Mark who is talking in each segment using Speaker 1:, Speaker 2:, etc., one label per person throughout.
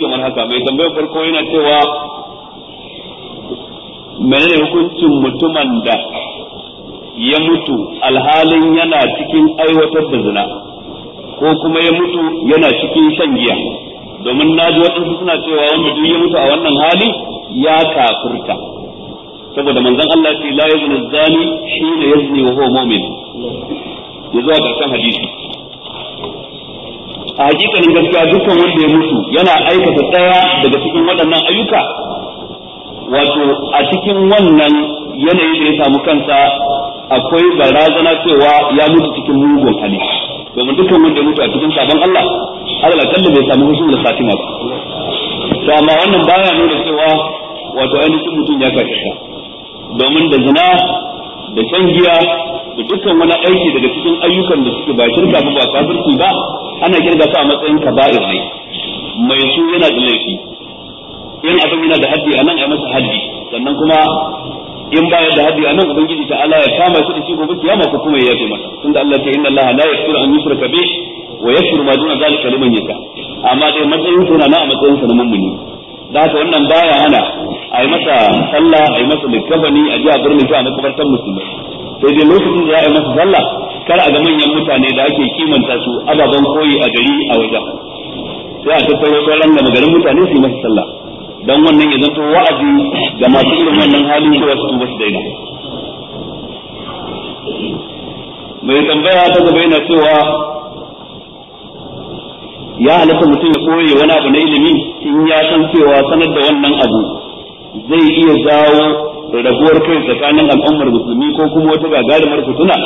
Speaker 1: kamar haka mai tambayar farko yana cewa menene hukuncin mutumin da ya mutu alhalin yana cikin aiwatar da zina ko kuma ya mutu yana cikin shan giya domin na ji waɗansu suna cewa wanda duk ya mutu a wannan hali ya kafirta saboda manzon Allah ce la yuzni zani shine yuzni wa huwa mu'min yazo a ƙarshen hadisi a hakikalin gaskiya dukkan wanda ya mutu yana aikata tsaya daga cikin waɗannan ayyuka wato a cikin wannan yanayi da ya samu kansa akwai barazana cewa ya mutu cikin mugun hali domin dukkan wanda ya mutu a cikin sabon Allah Allah kalla bai samu da Fatima ba to amma wannan baya nuna cewa wato ainihin mutum ya kashe domin da zina da shan giya da dukkan wani aiki daga cikin ayyukan da suke ba shirka ba ba kafirci ba ana kirga su a matsayin kaba'ir ne mai su yana da laifi in adam yana da haddi a nan a masa haddi sannan kuma in ya da haddi a anan ubangiji ta Allah ya kama shi da shi gobe ya ko kuma ya yafe masa da Allah ta inna Allah la yaghfiru an yushraka bih wa yaghfiru ma duna zalika liman yasha amma dai matsayin su na a matsayin sa na mummuni da haka wannan baya hana a yi masa sallah a yi masa likafani a ji a birnin shi a makabartar musulmai sai dai lokacin da za a yi masa sallah kar a ga manyan mutane da ake kimanta su ababen koyi a gari a wajen sai a tattaro sauran da garin mutane su yi masa sallah dan wannan ya zanto wa'azi ga masu irin wannan halin cewa su tuba su daina mai tambaya ta gaba yana cewa ya halatta mutum ya koye wani abu na ilimi in ya san cewa sanar da wannan abu zai iya jawo rabuwar kai tsakanin al'ummar musulmi ko kuma wata gagarumar fituna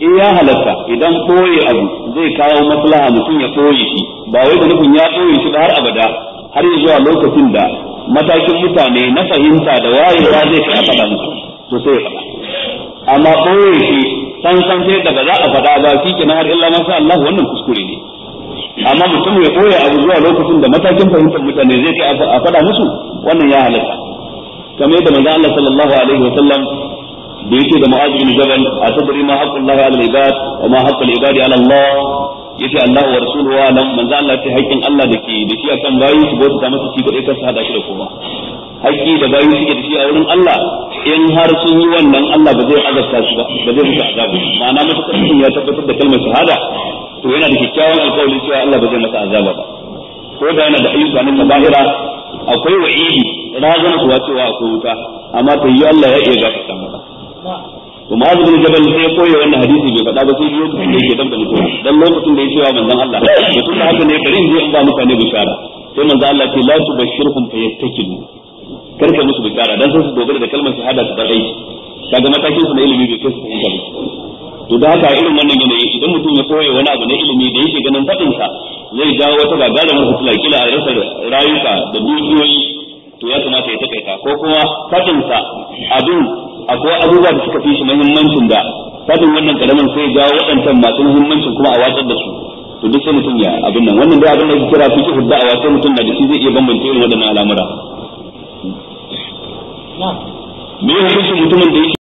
Speaker 1: in eh, ya halatta idan ɓoye abu zai kawo maslaha mutum ya ɓoye shi ba wai da nufin ya ɓoye shi ba har abada har zuwa lokacin da matakin mutane na fahimta da wayewa zai kai faɗa musu to sai ya faɗa amma ɓoye shi san san sai daga za a faɗa ba shi kenan har illa masa Allah wannan kuskure ne amma mutum ya ɓoye abu zuwa lokacin da matakin fahimtar mutane zai kai a faɗa musu wannan ya halatta kamar yadda manzo Allah sallallahu da yake da Mu'adh bin a atadri ma haqqullahi ala al-ibad wa ma haqqul ibadi ala Allah yace Allah wa rasuluhu alam manzo Allah ce haƙƙin Allah dake da shi akan bayi su bauta masa shi kadai kansa hada shi da kowa haƙƙi da bayi suke da shi a wurin Allah in har yi wannan Allah ba zai azabta ba zai musu azabu ma'ana mutakar mutum ya tabbatar da kalmar shahada to yana da kyakkyawan alƙawari cewa Allah ba zai azaba ba ko da yana da ayyuka na kaba'ira akwai wa'idi razana kuwa cewa akwai wuta amma to yi Allah ya iya ka samu to ma bin jabal sai koyi wannan hadisi bai faɗa ba sai yi lokacin da yake dabda mutuwa dan lokacin da ya cewa manzon Allah mutum da haka ne bari in je in ba mutane bishara sai manzon Allah ce la tubashshirhum fayattakilu karka musu bishara dan sai su dogara da kalmar shahada su bar aiki kaga matakin su na ilimi bai kai su fahimta ba to da haka irin wannan yanayi idan mutum ya koyi wani abu na ilimi da yake ganin fadin sa zai jawo wata gagarumin fitila kila a yasar rayuka da dukiyoyi to ya kamata ya takaita ko kuma fadinsa abin akwai abubuwa da suka fi shi muhimmancin da fadin wannan karamin sai jawo waɗancan masu muhimmancin kuma a watsar da su to duk sai mutum ya abin nan wannan dai abin da kira hudda a sai mutum da shi zai iya bambance irin waɗannan al'amura me fi mutumin da yake